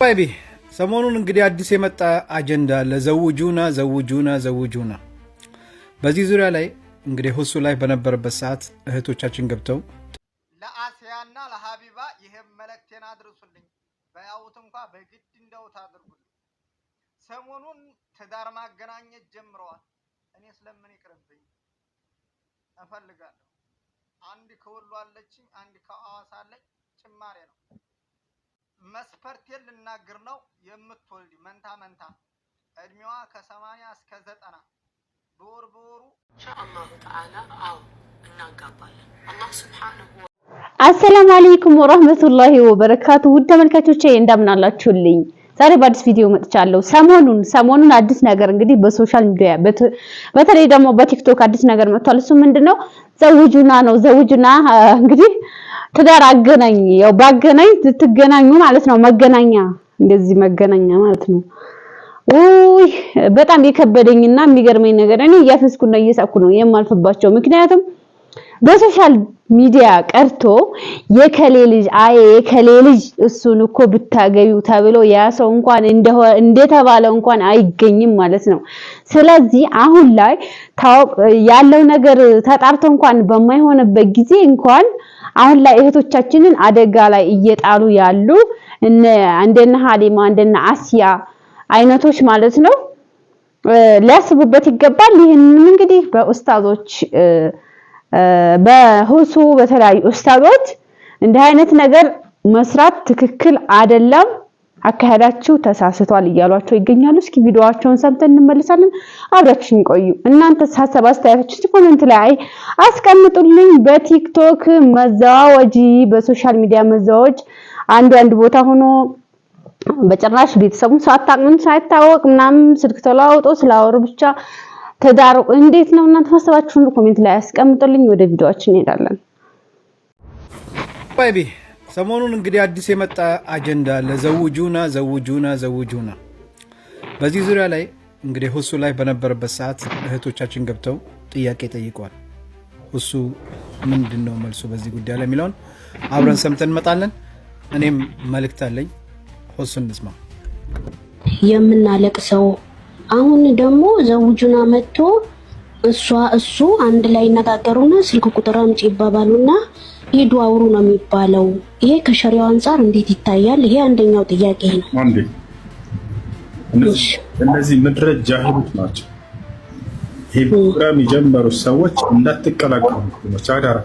ባይቢ ሰሞኑን እንግዲህ አዲስ የመጣ አጀንዳ አለ። ዘውጁና ዘውጁና ዘውጁና። በዚህ ዙሪያ ላይ እንግዲህ ሁሱ ላይ በነበረበት ሰዓት እህቶቻችን ገብተው ለአሲያና ለሀቢባ ይሄም መልእክቴን አድርሱልኝ፣ በያውት እንኳ በግድ እንዳውት አድርጉልኝ። ሰሞኑን ትዳር ማገናኘት ጀምረዋል። እኔ ስለምን ይቅርብኝ እፈልጋለሁ። አንድ ከወሎ አለችኝ፣ አንድ ከአዋሳ አለች። ጭማሬ ነው መስፈርቴን ልናገር ነው። የምትወልድ መንታ መንታ እድሜዋ ከሰማንያ እስከ ዘጠና በወር በወሩ ኢንሻአላሁ ተዓላ አው እናጋባለን። አላህ ሱብሓነሁ አሰላሙ አለይኩም ወራህመቱላሂ ወበረካቱ። ውድ ተመልካቾቼ እንደምናላችሁልኝ ዛሬ በአዲስ ቪዲዮ መጥቻለሁ። ሰሞኑን ሰሞኑን አዲስ ነገር እንግዲህ በሶሻል ሚዲያ በተለይ ደግሞ በቲክቶክ አዲስ ነገር መጥቷል። እሱ ምንድነው? ዘውጁና ነው። ዘውጁና እንግዲህ ትዳር አገናኝ ያው ባገናኝ ትገናኙ ማለት ነው። መገናኛ እንደዚህ መገናኛ ማለት ነው። ውይ በጣም የከበደኝና የሚገርመኝ ነገር እኔ እያፈስኩና እየሳኩ ነው የማልፍባቸው። ምክንያቱም በሶሻል ሚዲያ ቀርቶ የከሌ ልጅ አይ የከሌ ልጅ እሱን እኮ ብታገቢው ተብሎ ያ ሰው እንኳን እንደተባለ እንኳን አይገኝም ማለት ነው። ስለዚህ አሁን ላይ ያለው ነገር ተጣርቶ እንኳን በማይሆንበት ጊዜ እንኳን አሁን ላይ እህቶቻችንን አደጋ ላይ እየጣሉ ያሉ እንደነ ሀሊማ እንደነ አስያ አይነቶች ማለት ነው ሊያስቡበት ይገባል። ይህንን እንግዲህ በኡስታዞች በሁሱ በተለያዩ ኡስታዞች እንዲህ አይነት ነገር መስራት ትክክል አይደለም። አካሄዳችሁ ተሳስቷል እያሏቸው ይገኛሉ። እስኪ ቪዲዮዋቸውን ሰምተን እንመልሳለን። አብራችን ቆዩ። እናንተ ሀሳብ አስተያየታችሁ ኮሜንት ላይ አስቀምጡልኝ። በቲክቶክ መዘዋወጂ፣ በሶሻል ሚዲያ መዘዋወጅ አንድ አንድ ቦታ ሆኖ በጭራሽ ቤተሰቡን ሳታቅምን ሳይታወቅ ምናምን ስልክ ተለዋውጦ ስላወሩ ብቻ ተዳሩ እንዴት ነው? እናንተ ሀሳባችሁን ኮሜንት ላይ አስቀምጡልኝ። ወደ ቪዲዮዋችን እንሄዳለን። ሰሞኑን እንግዲህ አዲስ የመጣ አጀንዳ አለ። ዘውጁና ዘውጁና ዘውጁና። በዚህ ዙሪያ ላይ እንግዲህ ሁሱ ላይ በነበረበት ሰዓት እህቶቻችን ገብተው ጥያቄ ጠይቀዋል። ሁሱ ምንድን ነው መልሱ በዚህ ጉዳይ ላይ የሚለውን አብረን ሰምተን እንመጣለን። እኔም መልእክት አለኝ። ሁሱ እንስማ። ሰው አሁን ደግሞ ዘውጁና መጥቶ እሷ እሱ አንድ ላይ ይነጋገሩና ስልክ ቁጥር አምጪ ይባባሉና ሂዱ አውሩ ነው የሚባለው። ይሄ ከሸሪው አንጻር እንዴት ይታያል? ይሄ አንደኛው ጥያቄ ነው። አንዴ እነዚህ ምድረ ጃሂሎች ናቸው። ይሄ ፕሮግራም የጀመሩት ሰዎች እንዳትቀላቀሉ አዳራ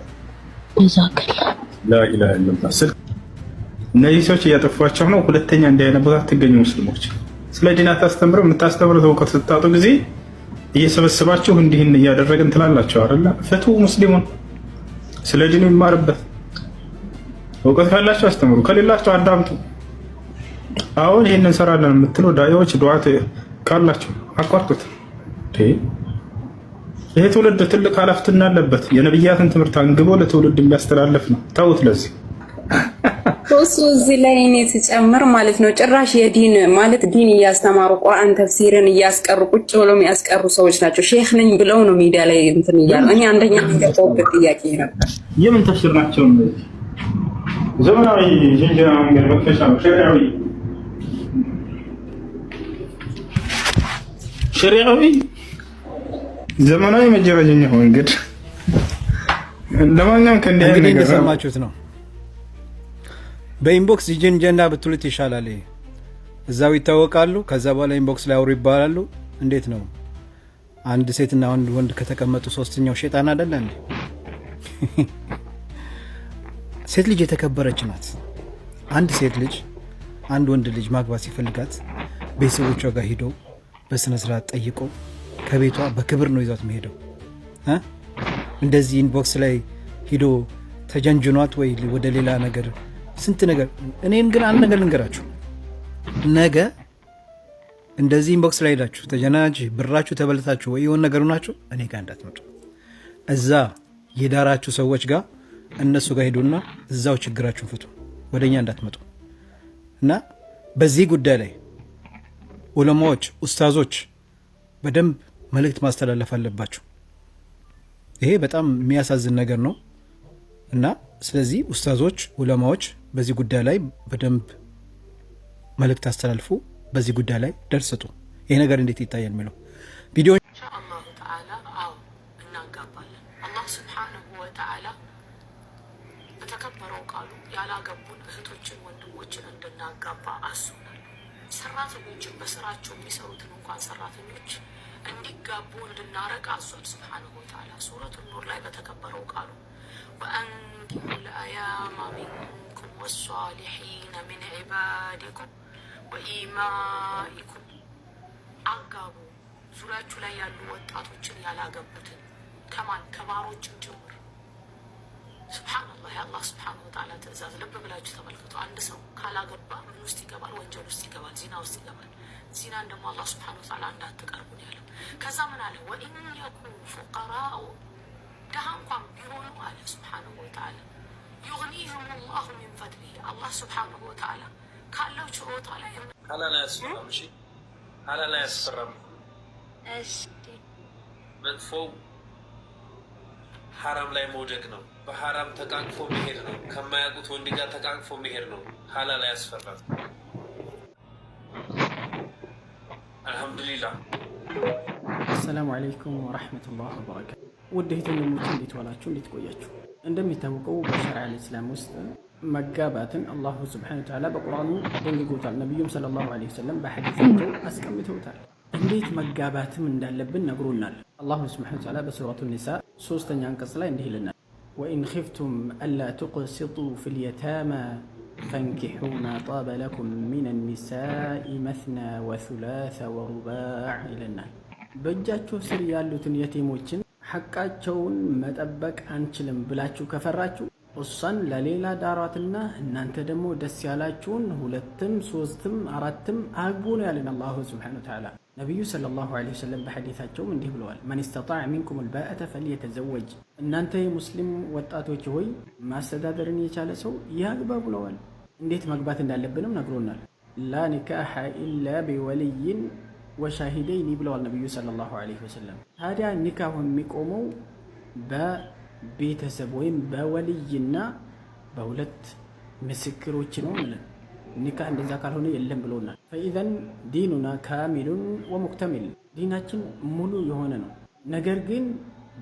እነዚህ ሰዎች እያጠፏቸው ነው። ሁለተኛ እንዲህ አይነት ቦታ ትገኙ ሙስሊሞች ስለ ዲን አታስተምሩ። የምታስተምሩት እውቀት ስታጡ ጊዜ እየሰበሰባችሁ እንዲህን እያደረግን ትላላቸው አይደለ? ፍቱ ሙስሊሙን ስለ ዲኑ ይማርበት። እውቀት ካላችሁ አስተምሩ፣ ከሌላችሁ አዳምጡ። አሁን ይህን እንሰራለን የምትሉ ዳያዎች ዱዓት ካላችሁ አቋርጡት። ይሄ ትውልድ ትልቅ ኃላፊነት አለበት። የነብያትን ትምህርት አንግቦ ለትውልድ የሚያስተላልፍ ነው። ተውት ለዚህ ሶስቱ እዚህ ላይ እኔ ስጨምር ማለት ነው ጭራሽ የዲን ማለት ዲን እያስተማሩ ቁርአን ተፍሲርን እያስቀሩ ቁጭ ብሎ የሚያስቀሩ ሰዎች ናቸው። ሼክ ነኝ ብለው ነው ሚዲያ ላይ እንትን እያሉ እኔ አንደኛ ገባሁበት ጥያቄ ነበር። የምን ተፍሲር ናቸው? ዘመናዊ ጅንጀና መንገድ መፈሻ ነው። ሸሪዓዊ ሸሪዊ ዘመናዊ መጀበጀኛ መንገድ ለማንኛውም ከእንዲህ ነገር ነው በኢንቦክስ ይጅን ጀንዳ ብትሉት ይሻላል። እዛው ይታወቃሉ። ከዛ በኋላ ኢንቦክስ ላይ አውሩ ይባላሉ። እንዴት ነው አንድ ሴትና አንድ ወንድ ከተቀመጡ ሶስተኛው ሸጣን አደለ እንዴ? ሴት ልጅ የተከበረች ናት። አንድ ሴት ልጅ አንድ ወንድ ልጅ ማግባት ሲፈልጋት ቤተሰቦቿ ጋር ሂዶ በስነ ስርዓት ጠይቆ ከቤቷ በክብር ነው ይዟት መሄደው። እንደዚህ ኢንቦክስ ላይ ሂዶ ተጀንጅኗት ወይ ወደ ሌላ ነገር ስንት ነገር እኔን ግን አንድ ነገር ልንገራችሁ። ነገ እንደዚህ ኢንቦክስ ላይ ሄዳችሁ ተጀናጅ ብራችሁ ተበልታችሁ ወይ የሆን ነገሩ ናችሁ እኔ ጋር እንዳትመጡ። እዛ የዳራችሁ ሰዎች ጋር እነሱ ጋር ሄዱና እዛው ችግራችሁን ፍቱ። ወደ እኛ እንዳትመጡ እና በዚህ ጉዳይ ላይ ዑለማዎች፣ ኡስታዞች በደንብ መልእክት ማስተላለፍ አለባችሁ። ይሄ በጣም የሚያሳዝን ነገር ነው። እና ስለዚህ ኡስታዞች፣ ዑለማዎች በዚህ ጉዳይ ላይ በደንብ መልእክት አስተላልፉ። በዚህ ጉዳይ ላይ ደርስ ስጡ። ይህ ነገር እንዴት ይታያል የሚለው ቪዲዮ ኢንሻአላሁ ተዓላ አዎ እናጋባለን። አላህ ስብሓነሁ ወተዓላ በተከበረው ቃሉ ያላገቡን እህቶችን ወንድሞችን እንድናጋባ አሱናል። ሰራተኞችን በስራቸው የሚሰሩትን እንኳን ሰራተኞች እንዲጋቡ እንድናረቅ አዟል። ስብሓነሁ ወተዓላ ሱረቱ ኑር ላይ በተከበረው ቃሉ وأنكحوا الأيام منكم والصالحين من عبادكم ወኢማኢኩም አጋቡ። ዙሪያችሁ ላይ ያሉ ወጣቶችን ያላገቡትን ከማን ከባሮችን ጭምር። ስብሓንላህ የአላህ ስብሓን ወተዓላ ትእዛዝ ልብ ብላችሁ ተመልክቶ፣ አንድ ሰው ካላገባ ምን ውስጥ ይገባል? ወንጀል ውስጥ ይገባል፣ ዚና ውስጥ ይገባል። ዚናን ደግሞ አላህ ስብሓን ወተዓላ እንዳትቀርቡ ያለው። ከዛ ምን አለ? ወኢን የኩኑ ፉቀራኡ ድሃ እንኳን ቢሆኑ አለ ስብሓንሁ ወተዓላ ዩግኒሁም ላሁ ሚን ፈድሊ አላህ ስብሓንሁ ወተዓላ ካለው ችሮታ ላይ ሀላል አያስፈራም። እሺ ሀላል አያስፈራም። መጥፎው ሀራም ላይ መውደቅ ነው። በሀራም ተቃቅፎ መሄድ ነው። ከማያውቁት ወንድ ጋር ተቃቅፎ መሄድ ነው። ሀላል አያስፈራም። አልሐምዱሊላህ አሰላሙ አለይኩም ወረህመቱላህ ወበረካቱ። ውድ እህት ወንድሞች እንዴት ዋላችሁ? እንዴት ቆያችሁ? እንደሚታወቀው በሸሪዓ ልእስላም ውስጥ መጋባትን አላሁ ስብሐነ ወተዓላ በቁርአኑ ደንግጎታል። ነቢዩም ሰለላሁ አለይሂ ወሰለም በሐዲሳቸው አስቀምጠውታል። እንዴት መጋባትም እንዳለብን ነግሮናል። አላሁ ስብሐነ ወተዓላ በሱረቱ ኒሳ ሶስተኛ አንቀጽ ላይ እንዲህ ይለናል፣ ወኢን ኺፍቱም አላ ቱቅሲጡ ፊል የታማ ፈንኪሑ ማ ጣበ ለኩም ሚነ ኒሳኢ መስና ወሱላሰ ወሩባዕ ይለናል። በእጃችሁ ስር ያሉትን የቲሞችን ሐቃቸውን መጠበቅ አንችልም ብላችሁ ከፈራችሁ እሷን ለሌላ ዳሯትና እናንተ ደግሞ ደስ ያላችሁን ሁለትም ሶስትም አራትም አግቡ ነው ያለን አላሁ ስብሓነ ወተዓላ። ነቢዩ ሰለላሁ ዐለይሂ ወሰለም በሐዲታቸውም እንዲህ ብለዋል፣ መን ስተጣዕ ሚንኩም አልባአተ ፈልየተዘወጅ። እናንተ የሙስሊም ወጣቶች ሆይ ማስተዳደርን የቻለ ሰው ያግባ ብለዋል። እንዴት መግባት እንዳለብንም ነግሮናል። ላ ኒካሐ ኢላ ቢወልይን ወሻሂደይኒ ብለዋል ነቢዩ ሰለላሁ ዐለይሂ ወሰለም። ታዲያ ኒካሁ የሚቆመው በቤተሰብ ወይም በወልይና በሁለት ምስክሮች ነው ማለት ነው። እንደዛ ካልሆነ የለም ብሎናል። ፈኢዘን ዲኑና ካሚሉን ወሙክተሚል ዲናችን ሙሉ የሆነ ነው። ነገር ግን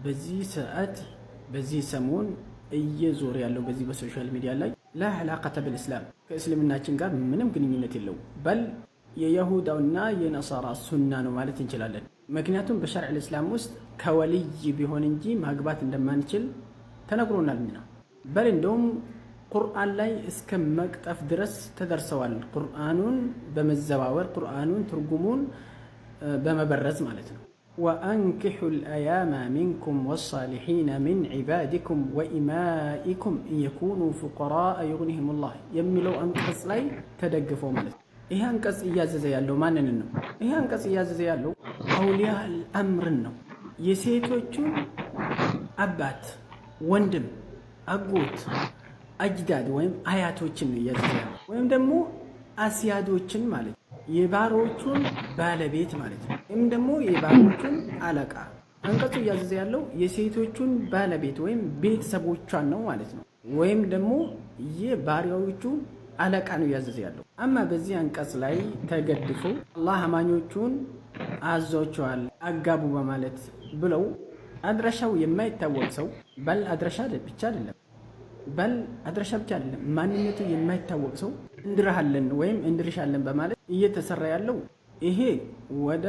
በዚህ ሰዓት በዚህ ሰሞን እየዞረ ያለው በዚህ በሶሻል ሚዲያ ላይ ላ ዐላቀተ ብልእስላም ከእስልምናችን ጋር ምንም ግንኙነት የለው በል የየሁዳውና የነሳራ ሱና ነው ማለት እንችላለን። ምክንያቱም በሸርዕ ልእስላም ውስጥ ከወልይ ቢሆን እንጂ ማግባት እንደማንችል ተነግሮናል። ሚና በል እንደውም ቁርአን ላይ እስከ መቅጠፍ ድረስ ተደርሰዋል። ቁርአኑን በመዘዋወር ቁርአኑን ትርጉሙን በመበረዝ ማለት ነው። ወአንኪሑ ልአያማ ሚንኩም ወሳሊሒነ ሚን ዒባዲኩም ወኢማኢኩም እንየኩኑ ፉቀራአ ዩግኒህም ላህ የሚለው አንቀጽ ላይ ተደግፈው ማለት ነው። ይሄ አንቀጽ እያዘዘ ያለው ማንንን ነው? ይሄ አንቀጽ እያዘዘ ያለው አውሊያል አምርን ነው። የሴቶቹን አባት፣ ወንድም፣ አጎት፣ አጅዳድ ወይም አያቶችን ነው እያዘዘ ያለው ወይም ደግሞ አስያዶችን ማለት ነው። የባሮቹን ባለቤት ማለት ነው። ወይም ደግሞ የባሮቹን አለቃ። አንቀጹ እያዘዘ ያለው የሴቶቹን ባለቤት ወይም ቤተሰቦቿን ነው ማለት ነው። ወይም ደግሞ የባሪያዎቹ አለቃ ነው እያዘዘ ያለው። አማ በዚህ አንቀጽ ላይ ተገድፎ አላህ አማኞቹን አዟቸዋል አጋቡ በማለት ብለው አድራሻው የማይታወቅ ሰው በል አድራሻ ብቻ አይደለም በል አድራሻ ብቻ አይደለም ማንነቱ የማይታወቅ ሰው እንድርሃለን ወይም እንድርሻለን በማለት እየተሰራ ያለው ይሄ ወደ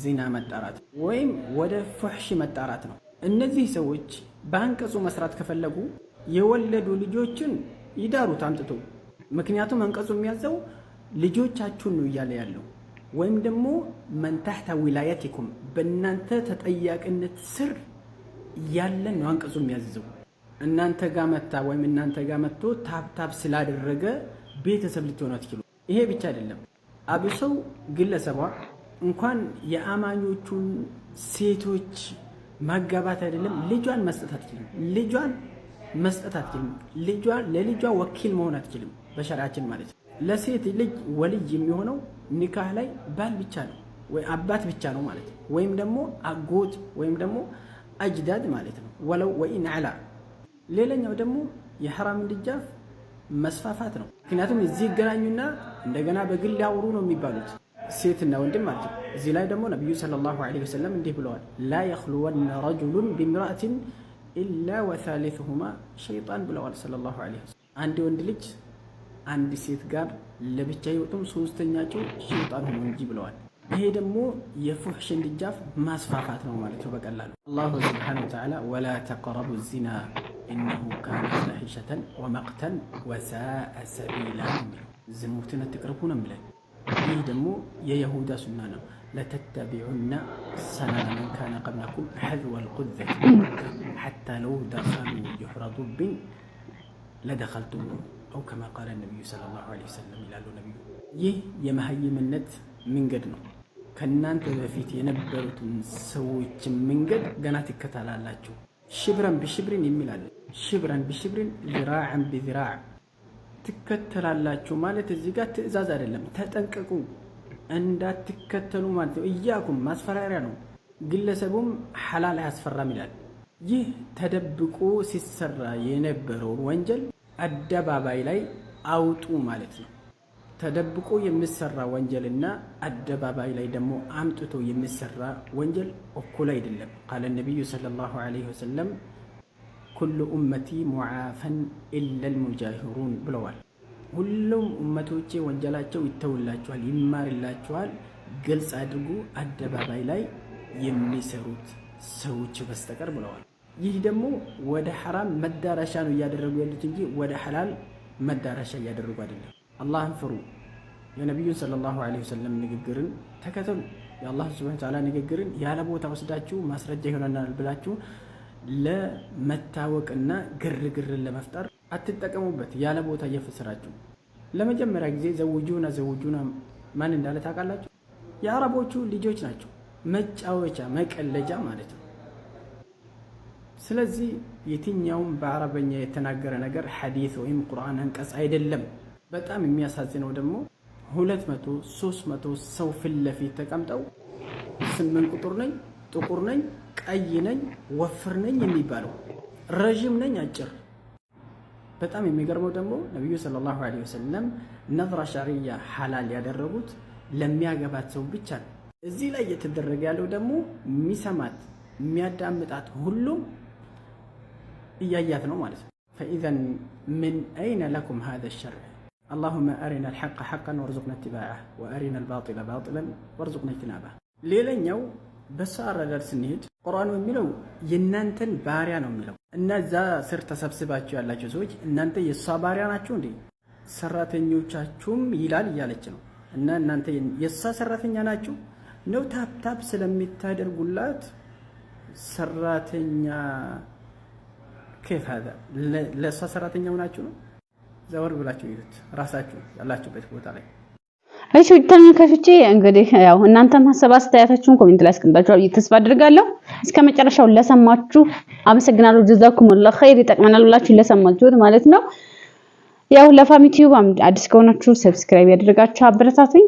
ዚና መጣራት ወይም ወደ ፉሕሽ መጣራት ነው። እነዚህ ሰዎች በአንቀጹ መስራት ከፈለጉ የወለዱ ልጆችን ይዳሩት አምጥቶ ምክንያቱም አንቀጹ የሚያዘው ልጆቻችሁን ነው እያለ ያለው ወይም ደግሞ መንታህታ ዊላያቲኩም በእናንተ ተጠያቂነት ስር ያለን ነው አንቀጹ የሚያዘው። እናንተ ጋር መታ ወይም እናንተ ጋር መጥቶ ታብታብ ስላደረገ ቤተሰብ ልትሆኑ አትችሉ። ይሄ ብቻ አይደለም፣ አብሰው ግለሰቧ እንኳን የአማኞቹን ሴቶች ማጋባት አይደለም ልጇን መስጠት አትችልም። ልጇን መስጠት አትችልም። ለልጇ ወኪል መሆን አትችልም። በሸሪያችን ማለት ነው። ለሴት ልጅ ወልይ የሚሆነው ኒካህ ላይ ባል ብቻ ነው ወይ አባት ብቻ ነው ማለት ነው። ወይም ደግሞ አጎት ወይም ደግሞ አጅዳድ ማለት ነው። ወለው ወኢን አላ። ሌላኛው ደግሞ የሐራም ድጃፍ መስፋፋት ነው። ምክንያቱም እዚህ ይገናኙና እንደገና በግል ያውሩ ነው የሚባሉት ሴትና ወንድም ማለት ነው። እዚህ ላይ ደግሞ ነቢዩ ሰለላሁ ዐለይሂ ወሰለም እንዲህ ብለዋል፣ ላ የኽልወነ ረጁሉን ቢምራእትን ኢላ ወሳሊሱሁማ ሸይጣን ብለዋል ሰለላሁ ዐለይሂ ወሰለም። አንድ ወንድ ልጅ አንድ ሴት ጋር ለብቻ ህይወቱም ሶስተኛቸው ሸይጣን ሆኖ እንጂ ብለዋል። ይሄ ደግሞ የፉሕሽን ድጃፍ ማስፋፋት ነው ማለት ነው በቀላሉ። አላሁ ስብሓነሁ ወተዓላ ወላ ተቅረቡ ዚና ኢነሁ ካነ ፋሒሸተን ወመቅተን ወሳአ ሰቢላ ዝሙትን አትቅርቡ ነው ብለን። ይህ ደግሞ የየሁዳ ሱና ነው። ለተተቢዑና ሰናነ መን ካነ ቀብለኩም ሐዝወል ቁዘት ሐታ ለው ደኸሉ ዩሕረዱ ብን ለደኸልቱም አው ከማ ቃለ ነቢዩ ሰለላሁ ዐለይሂ ወሰለም ይላሉ ነቢዩ። ይህ የመሀይምነት መንገድ ነው። ከእናንተ በፊት የነበሩትን ሰዎችን መንገድ ገና ትከተላላችሁ። ሽብረን ብሽብርን የሚላለ ሽብረን ብሽብሪን ዝራዕን ብዝራዕ ትከተላላችሁ ማለት እዚህ ጋር ትዕዛዝ አይደለም፣ ተጠንቀቁ እንዳትከተሉ ማለት ነው። እያኩም ማስፈራሪያ ነው። ግለሰቡም ሐላል አያስፈራም ይላል። ይህ ተደብቆ ሲሰራ የነበረውን ወንጀል አደባባይ ላይ አውጡ ማለት ነው። ተደብቆ የሚሰራ እና አደባባይ ላይ ደግሞ አምጥቶ የሚሰራ ወንጀል እኩል አይደለም። ቃለ ነቢዩ ሰለላሁ ዐለይሂ ወሰለም ኩሉ ኡመቲ ሙዓፈን ኢለል ሙጃሂሩን ብለዋል። ሁሉም ኡመቶቼ ወንጀላቸው ይተውላችኋል፣ ይማርላችኋል፣ ግልጽ አድርጉ አደባባይ ላይ የሚሰሩት ሰዎች በስተቀር ብለዋል። ይህ ደግሞ ወደ ሐራም መዳረሻ ነው እያደረጉ ያሉት እንጂ ወደ ሐላል መዳረሻ እያደረጉ አይደለም። አላህን ፍሩ። የነቢዩን ሰለላሁ ዐለይሂ ወሰለም ንግግርን ተከተሉ። የአላህ ሱብሓነሁ ወተዓላ ንግግርን ያለ ቦታ ወስዳችሁ ማስረጃ ይሆነናል ብላችሁ ለመታወቅና ግርግርን ለመፍጠር አትጠቀሙበት። ያለ ቦታ እየፈሰራችሁ ለመጀመሪያ ጊዜ ዘውጁና ዘውጁና ማን እንዳለ ታውቃላችሁ? የአረቦቹ ልጆች ናቸው። መጫወቻ መቀለጃ ማለት ነው። ስለዚህ የትኛውም በአረበኛ የተናገረ ነገር ሐዲስ ወይም ቁርአን አንቀጽ አይደለም። በጣም የሚያሳዝነው ደግሞ ሁለት መቶ ሶስት መቶ ሰው ፊት ለፊት ተቀምጠው ስምን ቁጥር ነኝ፣ ጥቁር ነኝ፣ ቀይ ነኝ፣ ወፍር ነኝ የሚባለው ረዥም ነኝ፣ አጭር። በጣም የሚገርመው ደግሞ ነቢዩ ሰለላሁ ዐለይሂ ወሰለም ነዝራ ሸሪያ ሐላል ያደረጉት ለሚያገባት ሰው ብቻ ነው። እዚህ ላይ እየተደረገ ያለው ደግሞ የሚሰማት የሚያዳምጣት ሁሉም እያያት ነው ማለት ነው። ፈኢዘን ምን አይነ ለኩም ሃዛ ሸር አላሁመ አሪና ልሐቀ ሐቀን ወርዙቅና ትባዓህ ወአሪና ልባጢለ ባጢለን ወርዙቅና ትናባ። ሌላኛው በሳ አረዳድ ስንሄድ ቁርአኑ የሚለው የእናንተን ባሪያ ነው የሚለው እና እዛ ስር ተሰብስባችሁ ያላቸው ሰዎች እናንተ የእሷ ባሪያ ናቸው እንዴ? ሰራተኞቻችሁም ይላል እያለች ነው እና እናንተ የእሷ ሰራተኛ ናችሁ ነው ታፕታፕ ስለሚታደርጉላት ሰራተኛ ከየት ሀዛ ለእሷ ሰራተኛ ሆናችሁ ነው? ዘወር ብላችሁ ይዩት ራሳችሁ ያላችሁበት ቦታ ላይ። እሺ ተመልካቾቼ እንግዲህ ያው እናንተም ሀሳብ አስተያየታችሁን ኮሜንት ላይ አስቀምጣችሁ ተስፋ አድርጋለሁ። እስከ መጨረሻው ለሰማችሁ አመሰግናለሁ። ጀዛኩሙላሁ ኸይር ይጠቅመናል ብላችሁ ለሰማችሁት ማለት ነው። ያው ለፋሚቲዩብ አዲስ ከሆናችሁ ሰብስክራይብ ያደርጋችሁ አበረታቱኝ።